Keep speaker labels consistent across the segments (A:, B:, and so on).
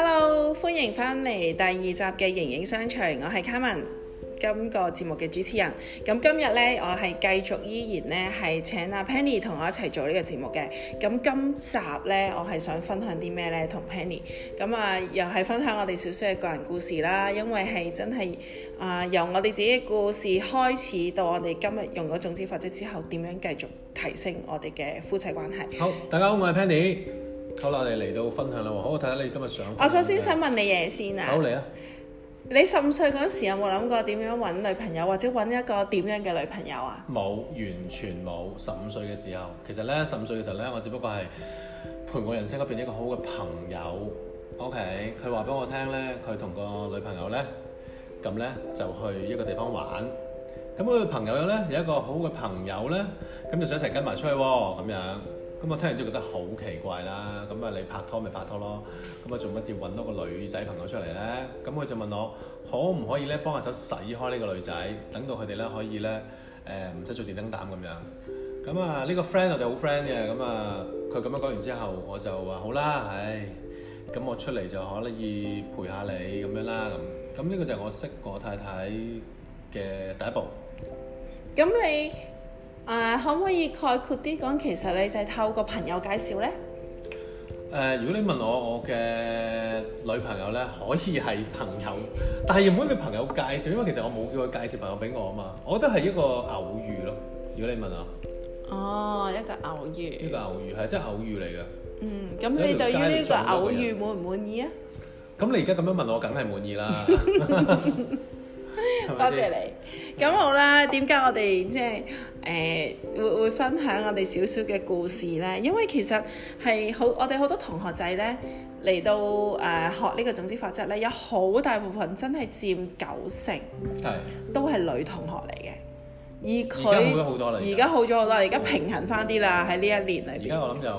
A: Hello，歡迎返嚟第二集嘅形影相隨，我係 Carmen，今個節目嘅主持人。咁今日咧，我係繼續依然咧，係請阿 Penny 同我一齊做呢個節目嘅。咁今集咧，我係想分享啲咩咧，同 Penny。咁啊，又係分享我哋少少嘅個人故事啦。因為係真係啊、呃，由我哋自己嘅故事開始，到我哋今日用咗種子法則之後，點樣繼續提升我哋嘅夫妻關係。
B: 好，大家好，我係 Penny。好啦，我哋嚟到分享啦。好，我睇下你今日想我，
A: 首先想問你嘢先啊。好嚟啊！你十五歲嗰時有冇諗過點樣搵女朋友，或者搵一個點樣嘅女朋友啊？
B: 冇，完全冇。十五歲嘅時候，其實呢，十五歲嘅時候呢，我只不過係陪我人生嗰邊一個好嘅朋友。OK，佢話俾我聽呢，佢同個女朋友呢，咁呢，就去一個地方玩。咁佢朋友呢，有一個好嘅朋友呢，咁就想一齊跟埋出去喎、哦，咁樣。咁我聽完之後覺得好奇怪啦，咁啊你拍拖咪拍拖咯，咁啊做乜要搵多個女仔朋友出嚟呢？咁佢就問我，可唔可以咧幫下手洗開呢個女仔，等到佢哋咧可以咧唔使做電燈膽咁樣。咁啊呢個 friend 我哋好 friend 嘅，咁啊佢咁樣講完之後，我就話好啦，唉，咁我出嚟就可以陪下你咁樣啦，咁咁呢個就係我識我太太嘅第一步。
A: 咁你？誒、uh, 可唔可以概括啲講？其實你就係透過朋友介紹呢？
B: 呃、如果你問我，我嘅女朋友呢，可以係朋友，但係唔可以你朋友介紹，因為其實我冇叫佢介紹朋友俾我啊嘛。我覺得係一個偶遇咯。如果你問我，哦，一
A: 個
B: 偶遇，一個偶遇係真係偶遇嚟㗎。嗯，咁你
A: 對於呢個偶遇，個偶
B: 遇滿唔滿意啊？咁你而家咁樣問我，梗係滿意啦。 多謝，
A: 謝你，咁好啦。點解我哋即係誒會會分享我哋少少嘅故事呢？因為其實係好，我哋好多同學仔呢，嚟到誒、呃、學呢個種子法則呢，有好大部分真係佔九成，係都係女同學嚟嘅。而佢而家好咗好多，而家好咗好多，而家平衡翻啲啦。喺呢一年裏面，而家我諗
B: 有誒、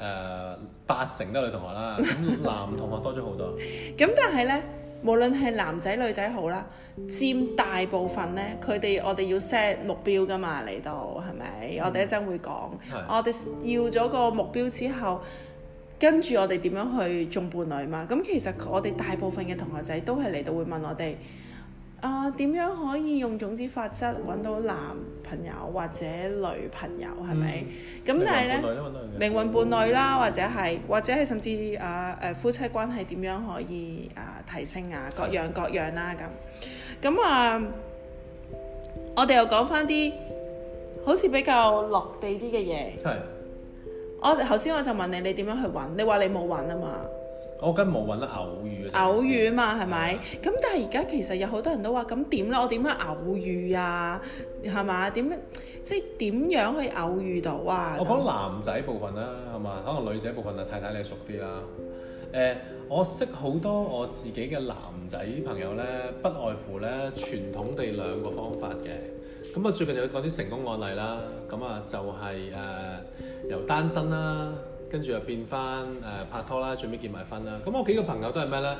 B: 呃、八成都係女同學啦， 男同學多咗好多。
A: 咁 但係呢。無論係男仔女仔好啦，佔大部分呢，佢哋我哋要 set 目標㗎嘛嚟到，係咪？嗯、我哋一陣會講，的我哋要咗個目標之後，跟住我哋點樣去種伴侶嘛？咁其實我哋大部分嘅同學仔都係嚟到會問我哋。啊，點、呃、樣可以用種子法則揾到男朋友或者女朋友係咪？咁但係呢，靈魂伴侶啦，或者係，嗯、或者係甚至啊誒、呃呃、夫妻關係點樣可以啊、呃、提升啊，各樣各樣啦咁。咁啊，的呃、我哋又講翻啲好似比較落地啲嘅嘢。
B: 係的。
A: 我頭先我就問你，你點樣去揾？你話你冇揾啊嘛？
B: 我而家冇搵得偶遇，
A: 偶遇嘛係咪？咁吧但係而家其實有好多人都話咁點咧？我點樣偶遇啊？係咪？點即係點樣去偶遇到啊？我講男
B: 仔部分啦，係嘛？可能女仔部分啊太太你熟啲啦。誒、欸，我識好多我自己嘅男仔朋友咧，不外乎咧傳統地兩個方法嘅。咁啊，最近有講啲成功案例啦。咁啊、就是，就係誒由單身啦。跟住又變翻誒、呃、拍拖啦，準備結埋婚啦。咁、啊、我幾個朋友都係咩呢？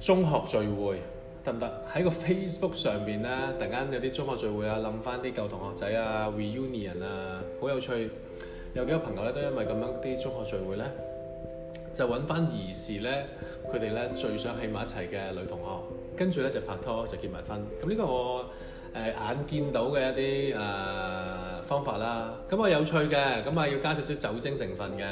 B: 中學聚會得唔得？喺個 Facebook 上面呢，突然間有啲中學聚會啊，諗翻啲舊同學仔啊，reunion 啊，好有趣。有幾個朋友咧都因為咁樣啲中學聚會呢，就揾翻兒時呢，佢哋呢最想喺埋一齊嘅女同學，跟住呢，就拍拖就結埋婚。咁、啊、呢個我誒、呃、眼見到嘅一啲誒。呃方法啦，咁啊有趣嘅，咁啊要加少少酒精成分嘅，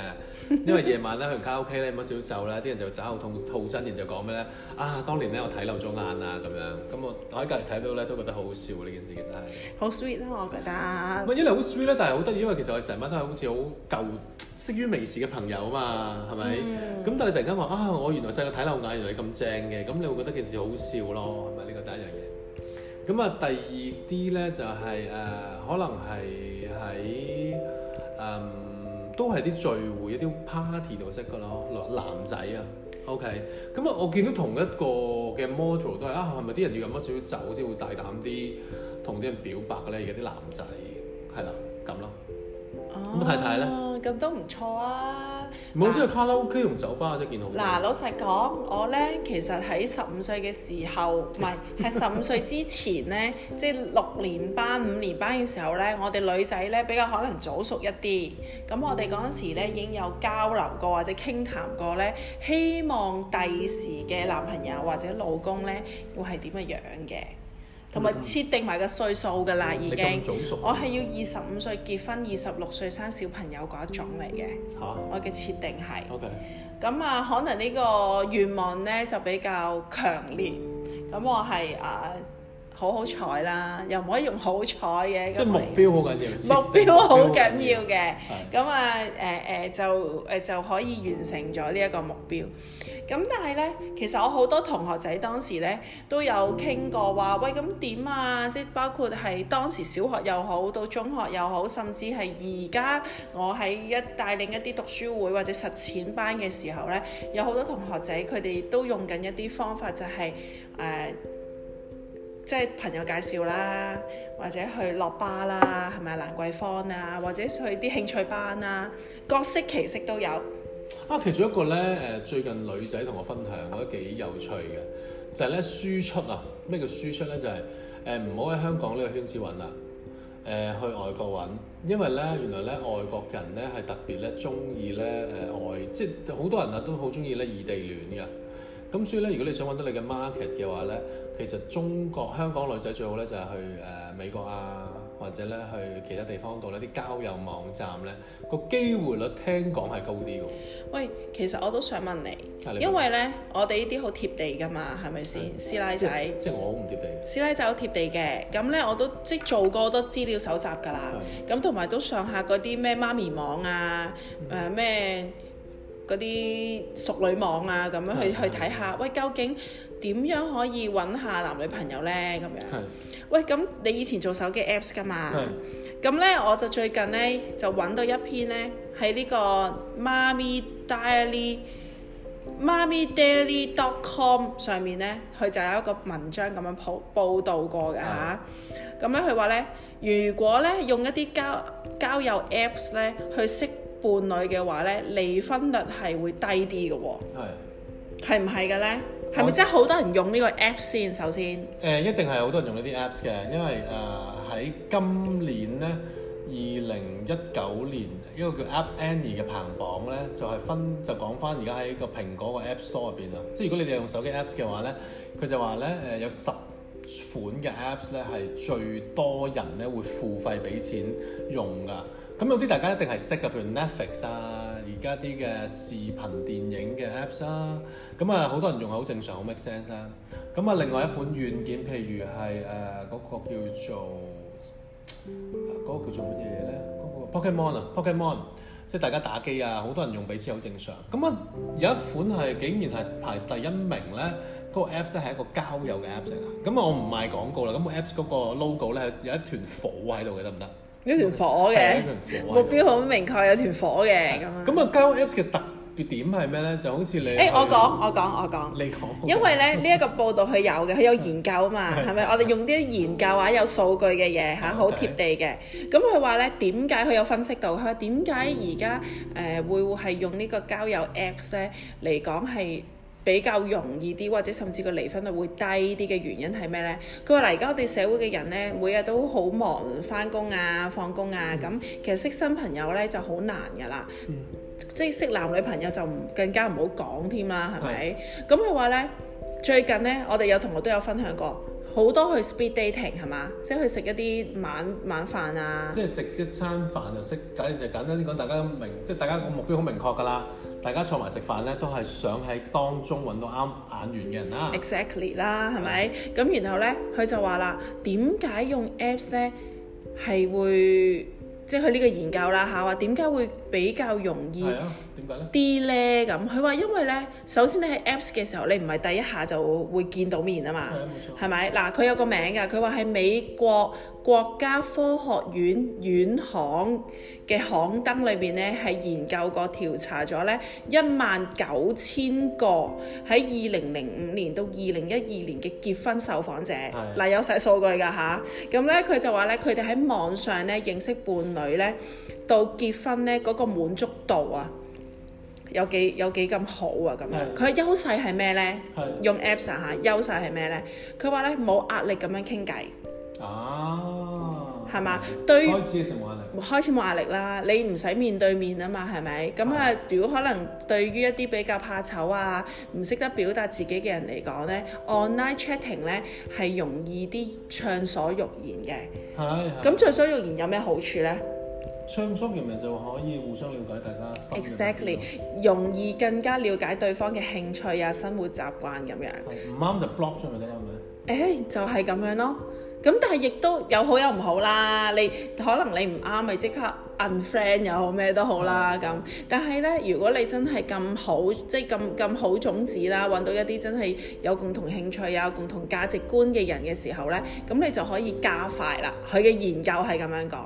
B: 因為夜晚咧去卡拉 OK 咧飲少少酒咧，啲人就酒痛吐真，然後就講咩咧？啊，當年咧我睇漏咗眼啊，咁樣，咁我我喺隔籬睇到咧，都覺得好好笑，呢件事其實係
A: 好 sweet 啦，我覺得。
B: 咪因為好 sweet 咧，但係好得意，因為其實我哋成班都係好似好舊識於微時嘅朋友啊嘛，係咪？咁但係突然間話啊，我原來細個睇漏眼，原來係咁正嘅，咁你會覺得件事好笑咯，係咪？呢個第一樣嘢。咁啊，第二啲咧就係誒。可能係喺誒，都係啲聚會一啲 party 度識噶咯，男仔啊，OK，咁啊，我見到同一個嘅 model 都係啊，係咪啲人要飲多少少酒先會大膽啲同啲人表白嘅咧？而家啲男仔係啦，咁咯。咁太太咧？咁
A: 都唔錯啊！
B: 冇知係卡拉 OK 同酒吧啊？即見好。嗱，老
A: 實講，我咧其實喺十五歲嘅時候，唔係， 係十五歲之前咧，即六年班、五年班嘅時候咧，我哋女仔咧比較可能早熟一啲。咁我哋嗰陣時咧已經有交流過或者傾談過咧，希望第時嘅男朋友或者老公咧會係點嘅樣嘅。同埋設定埋個歲數㗎喇，嗯、已經。早熟我係要二十五歲結婚，二十六歲生小朋友嗰一種嚟嘅。嚇、啊！我嘅設定係。O K。咁啊，可能呢個願望呢就比較強烈。咁我係啊。好好彩啦，又唔可以用好彩嘅，咁。
B: 即係目標好緊要。 目標
A: 好緊要嘅，咁啊誒誒的、呃呃，就誒、呃、就可以完成咗呢一個目標。咁但係咧，其實我好多同學仔當時咧都有傾過話：嗯、喂咁點啊？即係包括係當時小學又好，到中學又好，甚至係而家我喺一帶領一啲讀書會或者實踐班嘅時候咧，有好多同學仔佢哋都用緊一啲方法就係、是、誒。呃即係朋友介紹啦，或者去落巴啦，係咪蘭桂坊啊，或者去啲興趣班啊，各式其式都有。
B: 啊，其中一個咧，誒、呃、最近女仔同我分享，我覺得幾有趣嘅，就係、是、咧輸出啊。咩叫輸出咧？就係誒唔好喺香港呢個圈子揾啦，誒、呃、去外國揾，因為咧原來咧外國人咧係特別咧中意咧誒外，即係好多人啊都好中意咧異地戀嘅。咁所以咧，如果你想揾到你嘅 market 嘅話咧，其實中國香港女仔最好咧就係、是、去誒、呃、美國啊，或者咧去其他地方度呢啲交友網站咧、那個機會率聽講係高啲嘅。
A: 喂，其實我都想問你，因為咧我哋呢啲好貼地㗎嘛，係咪先師奶仔？即係我好
B: 唔貼地。
A: 師奶仔好貼地嘅，咁咧我都即係做過好多資料搜集㗎啦，咁同埋都上下嗰啲咩媽咪網啊，誒咩、嗯？啊嗰啲熟女網啊，咁樣去去睇下，的喂，究竟點樣可以揾下男女朋友呢？咁樣，的喂，咁你以前做手機 Apps 噶嘛？咁的呢，我就最近呢，就揾到一篇呢，喺呢個媽咪 Daily 媽咪 Daily.com dot 上面呢，佢就有一個文章咁樣報報導過嘅嚇、啊。咁咧佢話呢，如果呢，用一啲交交友 Apps 呢，去識。伴侶嘅話咧，離婚率係會低啲嘅喎，係係唔係嘅咧？係咪真係好多人用呢個 app 先？首先，
B: 誒、呃、一定係好多人用呢啲 apps 嘅，因為誒喺、呃、今年咧二零一九年一個叫 App Annie 嘅排行榜咧，就係、是、分就講翻而家喺個蘋果個 App Store 入邊啊，即係如果你哋用手機 apps 嘅話咧，佢就話咧誒有十款嘅 apps 咧係最多人咧會付費俾錢用噶。咁有啲大家一定係識嘅，譬如 Netflix 啊，而家啲嘅視頻電影嘅 Apps 啊，咁啊好多人用係好正常，好 make sense 啊。咁啊另外一款軟件，譬如係誒嗰個叫做嗰個叫做乜嘢嘢咧？嗰個 Pokemon 啊，Pokemon，即係大家打機啊，好多人用比之好正常。咁啊有一款係竟然係排第一名咧，嗰個 Apps 咧係一個交友嘅 Apps 啊。咁啊我唔賣廣告啦，咁 Apps 嗰個 logo 咧有一團火喺度嘅，得唔得？
A: 有團火嘅，目標好明確，有團火嘅咁啊。咁
B: 啊咁樣交友 Apps 嘅特別點係咩咧？就好似你、欸，誒我講我講我講，你講
A: 因為咧呢一 個報道佢有嘅，佢有研究啊嘛，係咪？我哋用啲研究或者 Okay.、啊、有數據嘅嘢嚇，好、啊、貼地嘅。咁佢話咧點解佢有分析到？佢話點解而家誒會係用呢個交友 Apps 咧嚟講係？比較容易啲，或者甚至個離婚率會低啲嘅原因係咩呢？佢話嗱，而家我哋社會嘅人呢，每日都好忙，返工啊、放工啊，咁、mm hmm. 其實識新朋友呢就好難噶啦。Mm hmm. 即係識男女朋友就唔更加唔好講添啦，係咪？咁佢話呢：「最近呢，我哋有同學都有分享過。好多去 speed dating 係嘛，即係去食一啲晚晚飯啊，即
B: 係食一餐飯就識，簡直簡單啲講，大家明，即係大家個目標好明確㗎啦。大家坐埋食飯咧，都係想喺當中揾到啱眼緣嘅人啦、啊。Mm,
A: exactly 啦，係咪？咁然後咧，佢就話啦，點解用 apps 咧係會即係佢呢個研究啦嚇，話點解會比較容易？Yeah. 點解咧？啲咧咁，佢話因為咧，首先你喺 Apps 嘅時候，你唔係第一下就會見到面啊嘛，係咪？嗱，佢有個名㗎，佢話喺美國國家科學院院行嘅行登裏邊咧，係研究個過調查咗咧一萬九千個喺二零零五年到二零一二年嘅結婚受訪者，嗱的有曬數據㗎吓。咁咧佢就話咧，佢哋喺網上咧認識伴侶咧，到結婚咧嗰、那個滿足度啊！有幾有幾咁好啊？咁樣佢嘅的優勢係咩呢？的用 Apps 啊嚇，優勢係咩呢？佢話呢，冇壓力咁樣傾
B: 偈，
A: 係嘛？對於開始冇壓力，開始冇壓力啦！你唔使面對面啊嘛，係咪？咁啊的，如果可能對於一啲比較怕醜啊、唔識得表達自己嘅人嚟講呢 online chatting 呢係容易啲暢所欲言嘅。係
B: 的。咁
A: 暢所欲言有咩好處呢？
B: 相熟嘅人就可以互相
A: 了解大家。Exactly，容易更加了解對方嘅興趣啊、生活習慣咁樣。唔啱、嗯、
B: 就 block 咗
A: 咪得啦，係咪、欸、就係、是、咁樣咯。咁但係亦都有好有唔好啦。你可能你唔啱咪即刻 unfriend 又好咩都好啦咁、嗯。但係咧，如果你真係咁好，即係咁咁好種子啦，揾到一啲真係有共同興趣啊、共同價值觀嘅人嘅時候咧，咁你就可以加快啦。佢嘅研究係咁樣講。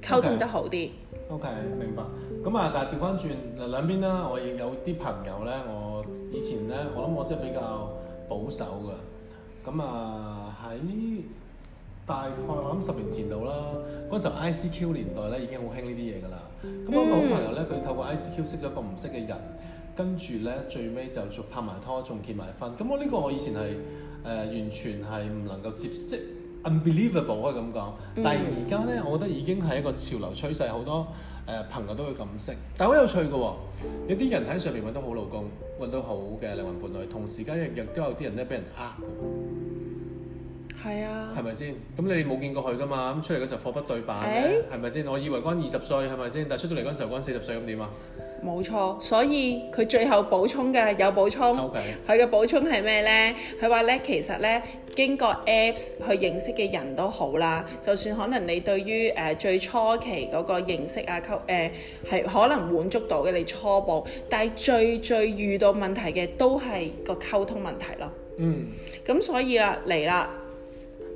B: 溝通得好啲。Okay, OK，明白。咁、嗯、啊，但係調翻轉嗱兩邊啦，我亦有啲朋友咧，我以前咧，我諗我即係比較保守噶。咁啊，喺大概我諗十年前度啦，嗰時候 ICQ 年代咧已經好興呢啲嘢噶啦。咁我、嗯、個好朋友咧，佢透過 ICQ 識咗一個唔識嘅人，跟住咧最尾就仲拍埋拖，仲結埋婚。咁我呢個我以前係誒、呃、完全係唔能夠接識。Unbelievable 可以咁講，但係而家咧，我覺得已經係一個潮流趨勢，好多誒、呃、朋友都會咁識。但係好有趣嘅、哦，有啲人喺上面揾到好老公，揾到好嘅靈魂伴侶，同時間亦亦都有啲人咧俾人呃、哦。係啊，係咪先？咁你冇見過佢噶嘛？咁出嚟嗰時候貨不對版，嘅係，係咪先？我以為關二十歲，係咪先？但出到嚟嗰時候關四十歲咁點啊？
A: 冇錯，所以佢最後補充嘅有補充，佢嘅補充係咩呢？佢話呢，其實呢，經過 Apps 去認識嘅人都好啦，就算可能你對於誒、呃、最初期嗰個認識啊溝誒係可能滿足到嘅你初步，但係最最遇到問題嘅都係個溝通問題咯。嗯，咁所以啊嚟啦。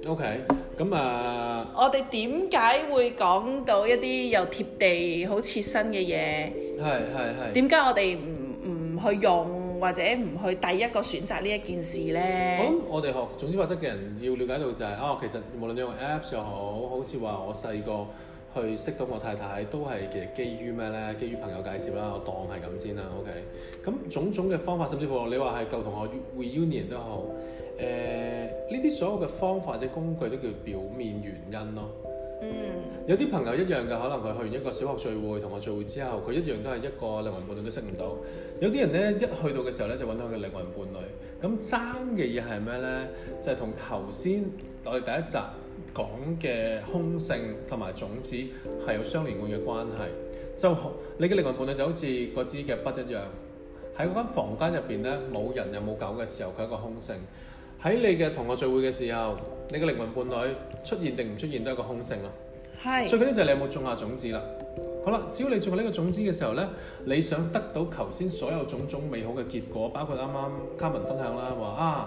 A: O K. 咁
B: 啊，okay, 嗯、
A: 我哋點解會講到一啲又貼地、好切身嘅嘢？
B: 係係係。點解
A: 我哋唔唔去用或者唔去第一個選擇呢一件事咧？咁
B: 我哋學總之，話則嘅人要了解到就係、是、啊，其實無論你用 Apps 又好，好似話我細個去識到我太太，都係其實基於咩咧？基於朋友介紹啦，我當係咁先啦。O K. 咁種種嘅方法，甚至乎你話係舊同學 reunion 都好。誒呢啲所有嘅方法或者工具都叫表面原因咯。嗯，有啲朋友一樣嘅，可能佢去完一個小學聚會、同學聚會之後，佢一樣都係一個靈魂伴侶都識唔到。有啲人呢，一去到嘅時候呢，就揾到佢靈魂伴侶。咁爭嘅嘢係咩呢？就係同頭先我哋第一集講嘅空性同埋種子係有相連貫嘅關係。就你嘅靈魂伴侶就好似個支嘅筆一樣，喺嗰間房間入邊呢，冇人又冇狗嘅時候，佢一個空性。喺你嘅同學聚會嘅時候，你嘅靈魂伴侶出現定唔出現都係一個空性啊。
A: 係是。最緊要就係你
B: 有冇種下種子啦。好啦，只要你種下呢個種子嘅時候咧，你想得到頭先所有種種美好嘅結果，包括啱啱 Carmen 分享啦，話啊，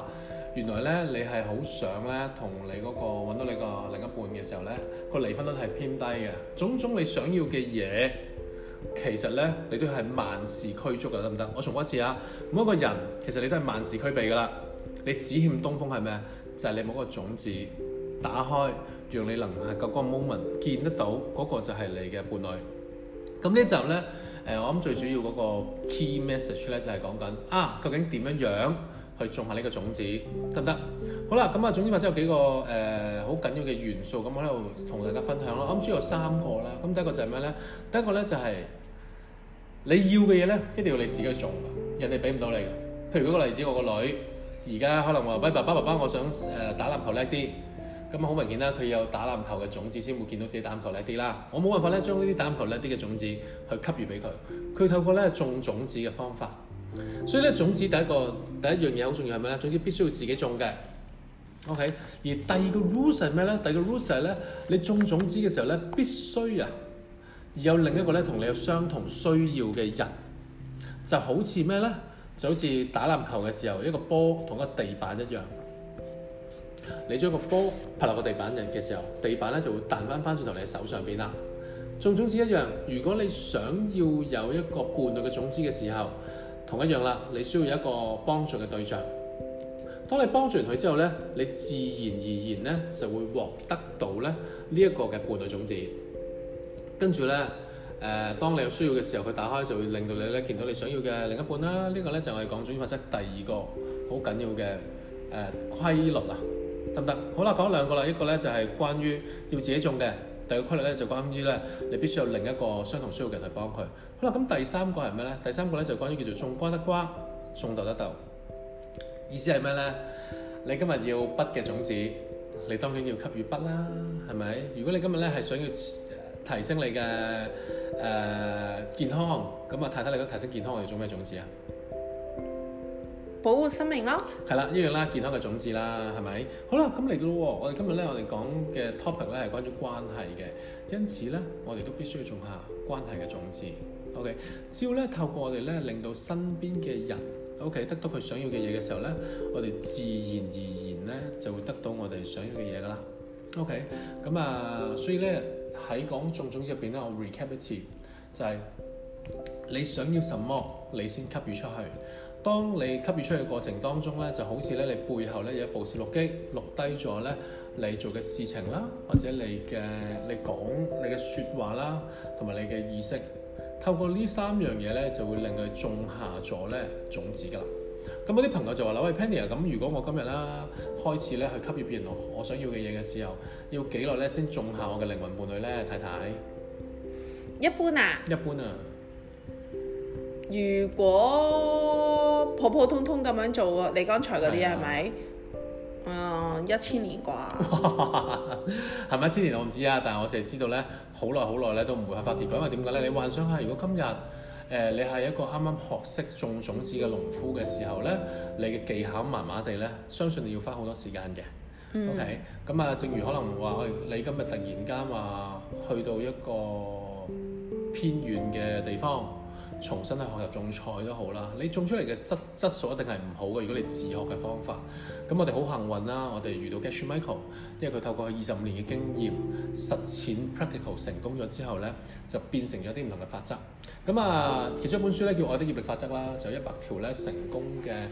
B: 原來咧你係好想咧同你嗰個揾到你個另一半嘅時候咧，個離婚率係偏低嘅。種種你想要嘅嘢，其實咧你都係萬事俱足嘅，得唔得？我重講一次啊，每一個人其實你都係萬事俱備嘅啦。你只欠東風係咩？就係、是、你冇個種子打開，讓你能喺嗰個 moment 見得到嗰、那個就係你嘅伴侶。咁、嗯、呢集呢，誒、呃，我諗最主要嗰個 key message 呢，就係講緊啊，究竟點樣樣去種下呢個種子得唔得？好啦，咁、嗯、啊，總之或者有幾個誒好緊要嘅元素咁我喺度同大家分享咯。我諗主要有三個啦，咁第一個就係咩呢？第一個呢，就係、是、你要嘅嘢呢，一定要你自己種，人哋俾唔到你。譬如嗰個例子，我個女。而家可能話，喂，爸爸爸爸，我想誒、呃、打籃球叻啲。咁啊好明顯啦，佢有打籃球嘅種子先會見到自己打籃球叻啲啦。我冇辦法咧，將呢啲打籃球叻啲嘅種子去給予俾佢。佢透過咧種種子嘅方法，所以咧種子第一個第一樣嘢好重要係咩咧？種子必須要自己種嘅。OK，而第二個 rule 係咩咧？第二個 rule 係咧，你種種子嘅時候咧必須啊而有另一個咧同你有相同需要嘅人，就好似咩咧？就好似打籃球嘅時候，一個波同一個地板一樣，你將個波拍落個地板入嘅時候，地板咧就會彈翻翻轉頭你手上邊啦。種種子一樣，如果你想要有一個伴侶嘅種子嘅時候，同一樣啦，你需要有一個幫助嘅對象。當你幫助完佢之後咧，你自然而然咧就會獲得到咧呢一個嘅伴侶種子。跟住咧。誒、呃，當你有需要嘅時候，佢打開就會令到你咧見到你想要嘅另一半啦。這個、呢個咧就是、我哋講種子法則第二個好緊要嘅誒、呃、規律啦，得唔得？好啦，講兩個啦，一個咧就係、是、關於要自己種嘅，第二個規律咧就關於咧你必須有另一個相同需要嘅人去幫佢。好啦，咁第三個係咩咧？第三個咧就關於叫做種瓜得瓜，種豆得豆。意思係咩咧？你今日要筆嘅種子，你當然要給予筆啦，係咪？如果你今日咧係想要。提升你嘅誒、呃、健康，咁啊太太，你都提升健康，我哋做咩種子啊？保護生命咯、啊。係啦，一樣啦，健康嘅種子啦，係咪？好啦，咁嚟到喎，我哋今日咧，我哋講嘅 topic 咧係關於關係嘅，因此咧，我哋都必須要種下關係嘅種子。OK，只要咧透過我哋咧令到身邊嘅人 OK 得到佢想要嘅嘢嘅時候咧，我哋自然而然咧就會得到我哋想要嘅嘢噶啦。OK，咁啊，所以咧。喺講種種入邊咧，我 recap 一次，就係你想要什麼，你先給予出去。當你給予出去嘅過程當中咧，就好似咧你背後咧有一部攝錄機錄低咗咧你做嘅事情啦，或者你嘅你講你嘅説話啦，同埋你嘅意識，透過呢三樣嘢咧，就會令佢種下咗咧種子噶啦。咁嗰啲朋友就話啦：喂，Penny 啊，咁如果我今日啦開始咧去吸引別人我想要嘅嘢嘅時候，要幾耐咧先種下我嘅靈魂伴侶咧太太？一般啊？一般啊？
A: 如果普普通通咁樣做啊，你剛才嗰啲係咪？嗯、哎呀，一、uh, 千年
B: 啩？係咪一千年？我唔知啊，但係我淨係知道咧，好耐好耐咧都唔會發啲鬼，因為點解咧？你幻想下，如果今日。誒、呃，你係一個啱啱學識種種子嘅農夫嘅時候呢，你嘅技巧麻麻地呢，相信你要花好多時間嘅。嗯、OK，咁啊，正如可能話，你今日突然間話去到一個偏遠嘅地方。重新去學習種菜都好啦，你種出嚟嘅質質素一定係唔好嘅。如果你自學嘅方法，咁我哋好幸運啦、啊，我哋遇到 Geshe Michael，因為佢透過二十五年嘅經驗實踐 practical 成功咗之後呢，就變成咗啲唔同嘅法則。咁啊，其中一本書呢，叫《愛的業力法則》啦，就有一百條呢成功嘅誒。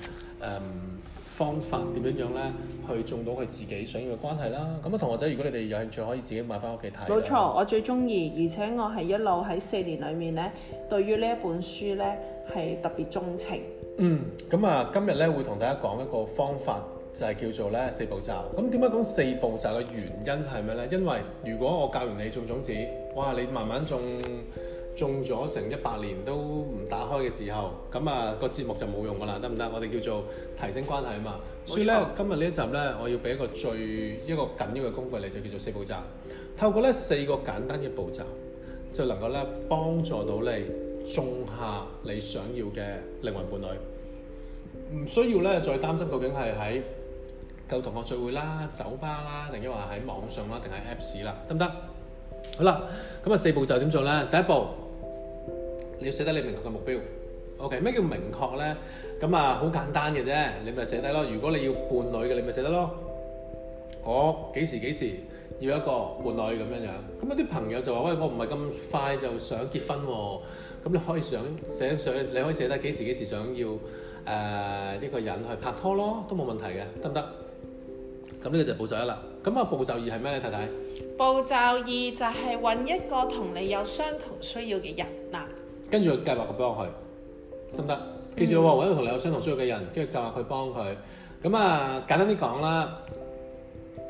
B: 嗯方法點樣樣咧，去種到佢自己想要嘅關係啦。咁啊，同學仔，如果你哋有興趣，可以自己買返屋企睇。冇錯，
A: 我最鍾意，而且我係一路喺四年裏面咧，對於呢一本書咧係特別鍾情。
B: 嗯，咁啊，今日咧會同大家講一個方法，就係、是、叫做咧四步驟。咁點解講四步驟嘅原因係咩咧？因為如果我教完你種種子，哇，你慢慢種。種咗成一百年都唔打開嘅時候，咁啊個節目就冇用㗎啦，得唔得？我哋叫做提升關係啊嘛。所以咧，今日呢一集咧，我要俾一個最一個緊要嘅工具你，就叫做四步驟。透過咧四個簡單嘅步驟，就能夠咧幫助到你種下你想要嘅靈魂伴侶，唔需要咧再擔心究竟係喺舊同學聚會啦、酒吧啦，定抑或喺網上啦，定係喺 Apps 啦，得唔得？好啦，咁啊四步驟點做咧？第一步。你要寫得你明確嘅目標，OK？咩叫明確呢？咁啊，好簡單嘅啫，你咪寫低咯。如果你要伴侶嘅，你咪寫得咯。我幾時幾時要一個伴侶咁樣樣？咁有啲朋友就話：喂，我唔係咁快就想結婚喎。咁你可以想寫上，你可以寫得幾時幾時想要誒呢個人去拍拖咯，都冇問題嘅，得唔得？咁呢個就步驟一啦。咁啊，步驟二係咩呢？太太，
A: 步驟二就係揾一個同你有相同需要嘅人嗱。
B: 跟住佢計劃佢幫佢得唔得？行行，嗯、記住我話，揾到同你有相同需要嘅人，跟住計劃去幫佢。咁啊，簡單啲講啦，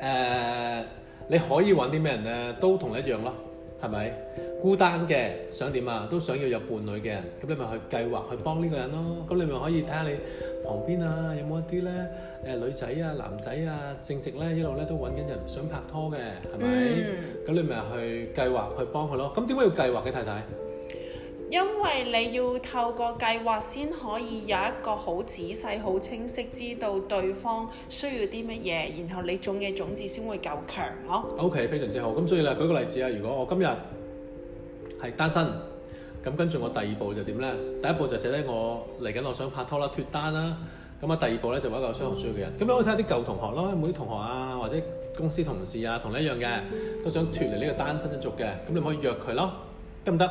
B: 誒、呃，你可以揾啲咩人咧？都同你一樣咯，係咪？孤單嘅想點啊？都想要有伴侶嘅人，咁你咪去計劃去幫呢個人咯。咁你咪可以睇下你旁邊啊，有冇一啲咧？誒、呃，女仔啊，男仔啊，正值咧一路咧都揾緊人想拍拖嘅，係咪？咁、嗯、你咪去計劃去幫佢咯。咁點解要計劃嘅太太？
A: 因為你要透過計劃先可以有一個好仔細、好清晰，知道對方需要啲乜嘢，然後你種嘅種子先會夠強咯。
B: OK，非常之好。咁所以咧，舉個例子啊，如果我今日係單身，咁跟住我第二步就點咧？第一步就寫咧，我嚟緊我想拍拖啦、脫單啦。咁啊，第二步咧就揾一個相互需要嘅人。咁你、嗯、可以睇下啲舊同學咯，每啲同學啊，或者公司同事啊，同你一樣嘅都想脫離呢個單身一族嘅，咁你可以約佢咯，得唔得？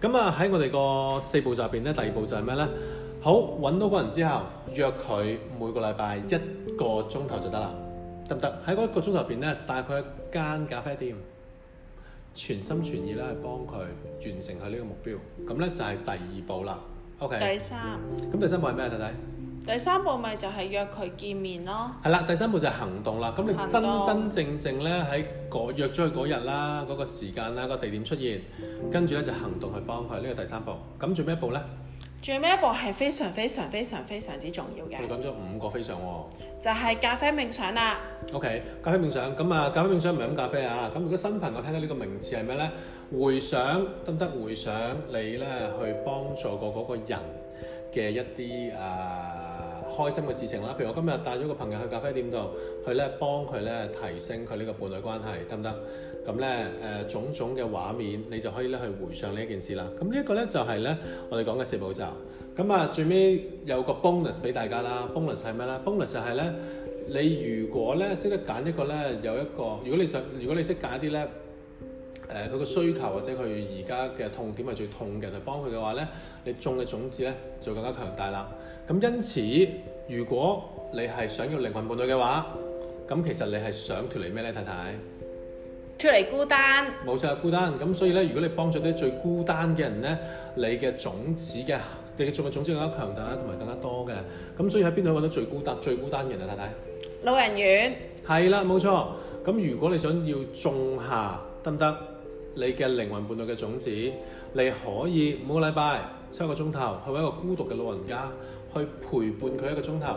B: 咁啊，喺我哋個四步驟入邊咧，第二步就係咩咧？好，揾到嗰人之後，約佢每個禮拜一個鐘頭就得啦，得唔得？喺嗰一個鐘頭入邊咧，帶佢去一間咖啡店，全心全意咧去幫佢完成佢呢個目標。咁咧就係第二步啦。O K。第三。咁第三步係咩？弟弟？看看
A: 第三步咪就係約佢見面咯。係啦，第
B: 三步就係行動啦。咁你真動真正正咧喺嗰約咗佢嗰日啦，嗰、嗰個時間啦，嗰個地點出現，跟住咧就行動去幫佢，呢、呢個第三步。咁最尾一步咧？
A: 最尾一步係非常非常非常非常之重要嘅。我
B: 講咗五個非常喎、
A: 哦。就係咖啡冥想啦。
B: O、okay, K，咖啡冥想，咁啊咖啡冥想唔係飲咖啡啊。咁如果新朋，我聽到呢個名詞係咩咧？回想，得唔得？回想你咧去幫助過嗰個人嘅一啲誒？啊開心嘅事情啦，譬如我今日帶咗個朋友去咖啡店度，去咧幫佢咧提升佢呢個伴侶關係得唔得？咁咧誒，種種嘅畫面你就可以咧去回想呢一件事啦。咁、嗯這個、呢一個咧就係、是、咧我哋講嘅四步驟。咁、嗯、啊，最尾有個 bonus 俾大家啦。bonus 係咩咧？bonus 就係咧，你如果咧識得揀一個咧有一個，如果你想如果你識揀一啲咧。誒佢個需求或者佢而家嘅痛點係最痛嘅，就幫佢嘅話咧，你種嘅種子咧就會更加強大啦。咁因此，如果你係想要靈魂伴侶嘅話，咁其實你係想脱離咩咧，太太？
A: 脱離孤單。
B: 冇錯，孤單。咁所以咧，如果你幫咗啲最孤單嘅人咧，你嘅種子嘅你種嘅種子,種子更加強大啦，同埋更加多嘅。咁所以喺邊度揾到最孤單最孤單嘅人啊，太太？
A: 老人院。
B: 係啦，冇錯。咁如果你想要種下得唔得？行你嘅靈魂伴侶嘅種子，你可以每個禮拜七個鐘頭去搵一個孤獨嘅老人家去陪伴佢一個鐘頭，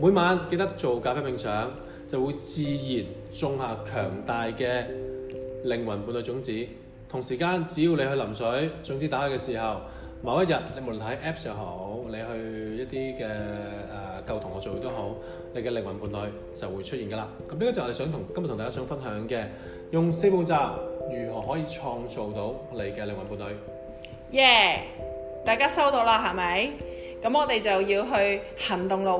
B: 每晚記得做咖啡冥想，就會自然種下強大嘅靈魂伴侶種子。同時間，只要你去淋水種子打開嘅時候，某一日你無論睇 Apps 又好，你去一啲嘅誒舊同學做都好，你嘅靈魂伴侶就會出現㗎啦。咁呢個就係想同今日同大家想分享嘅用四步驟。如何可以創造到你嘅靈魂伴侶？耶
A: ，yeah, 大家收到啦，係咪？咁我哋就要去行動咯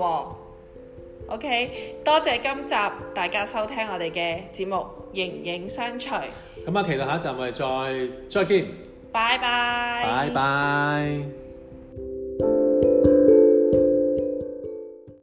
A: 喎。OK，多謝今集大家收聽我哋嘅節目《形影相隨》。
B: 咁啊，期待下一集我哋再再見。
A: 拜拜。拜
B: 拜。